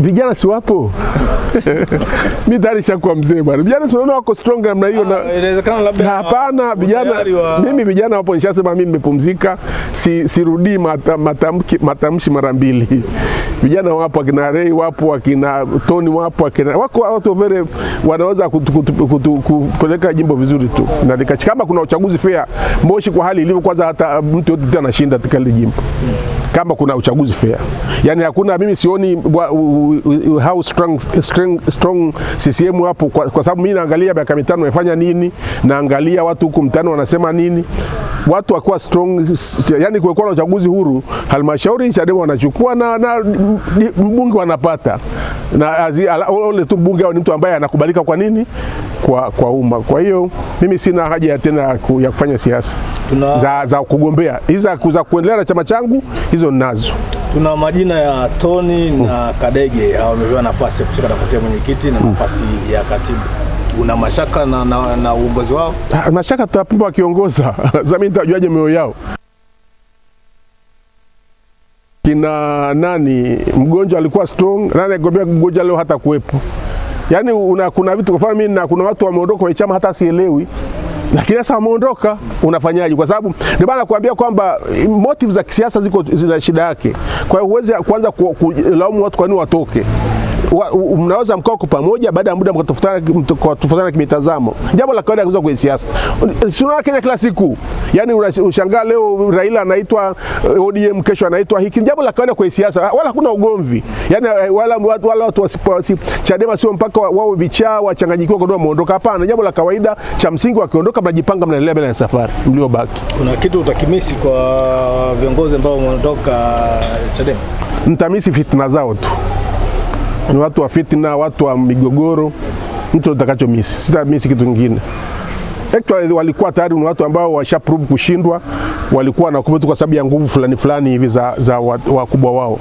vijana si wapo? mi tayari shakuwa mzee bwana. Vijana si unaona wako strong namna hiyo na ah, inawezekana labda hapana vijana mimi vijana wapo, nishasema mimi nimepumzika, sirudii si matamshi mata, mata, mara mbili vijana wapo, akina Rei wapo, akina Toni wapo, akina wako watu vile wanaweza kupeleka jimbo vizuri tu, na kama kuna uchaguzi fair Moshi kwa hali ilivyo, kwanza hata mtu yote anashinda katika ile jimbo kama kuna uchaguzi fair. Yani hakuna, mimi sioni how strong, strong, strong CCM hapo kwa, kwa sababu mimi naangalia miaka mitano wamefanya nini, naangalia watu huko mtano wanasema nini watu wakuwa strong, yani kuwekuwa na uchaguzi huru, halmashauri Chadema wanachukua na, na mbunge wanapata na ole tu mbunge au ni mtu ambaye anakubalika kwa nini kwa, kwa umma. Kwa hiyo mimi sina haja tena ya kufanya siasa Tuna... za, za kugombea iza za kuendelea na chama changu hizo ninazo. Tuna majina ya Toni na Kadege wamepewa nafasi ya kushika nafasi ya mwenyekiti na nafasi ya katibu una mashaka na, na, na uongozi wao? Ha, mashaka tutapimba wakiongoza zami nitajuaje mioyo yao kina nani? Mgonjwa alikuwa strong, nani akigombea mgonjwa leo hata kuwepo. Yaani una kuna vitu, kwa mimi na kuna watu wameondoka kwenye chama hata sielewi, lakini sasa wameondoka, unafanyaje? Kwa sababu ndio maana kuambia kwamba eh, motive za kisiasa ziko zina shida yake. Kwa hiyo huwezi kuanza kulaumu watu kwa nini watoke mnaweza mkao kwa pamoja, baada ya muda mkatofutana kimitazamo. Jambo la kawaida kuzo kwenye siasa, si unaona Kenya kila siku, yani unashangaa leo Raila anaitwa eh, ODM, kesho anaitwa hiki. Jambo la kawaida kwenye siasa, wala hakuna ugomvi yani, eh, wala watu wala watu wasipasi Chadema sio mpaka wao vichaa wachanganyikiwa kwa ndio muondoka. Hapana, jambo la kawaida cha msingi, wakiondoka mnajipanga, mnaendelea bila ya safari mliobaki. Kuna kitu utakimisi kwa viongozi ambao wameondoka Chadema? Mtamisi fitna zao tu ni watu wa fitna, watu wa migogoro, mtu utakacho misi. Sita misi kitu kingine. Actually walikuwa tayari ni watu ambao washa prove kushindwa, walikuwa na tu kwa sababu ya nguvu fulani fulani hivi za, za wakubwa wa wao.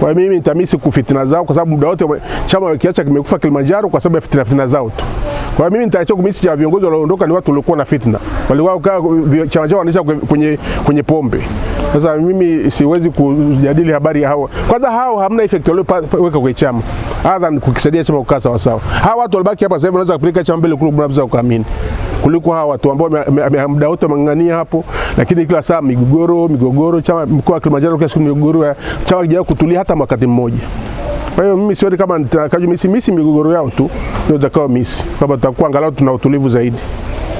Kwa mimi nitamisi kufitina zao kwa sababu muda wote chama kiacha kimekufa Kilimanjaro kwa sababu ya fitina fitina zao tu. Kwa mimi nitaacha kumisi cha viongozi walioondoka ni watu waliokuwa na fitna. Walikuwa chama chao wanaisha kwenye, kwenye pombe. Sasa mimi siwezi kujadili habari ya hao. Kwanza hao hamna effect walioweka kwa chama hadha than kukisaidia chama kukaa sawa sawa. Hao watu walibaki hapa sasa hivi wanaweza kupeleka chama mbele kule mnaweza kuamini kuliko hawa watu ambao muda wote wameng'ang'ania hapo, lakini kila saa migogoro migogoro. Chama mkoa wa Kilimanjaro kila siku migogoro ya chama hakijawahi kutulia hata wakati mmoja. Kwa hiyo mimi sioni kama nitakajumisi misi migogoro yao tu ndio takao misi, kwamba tutakuwa angalau tuna utulivu zaidi.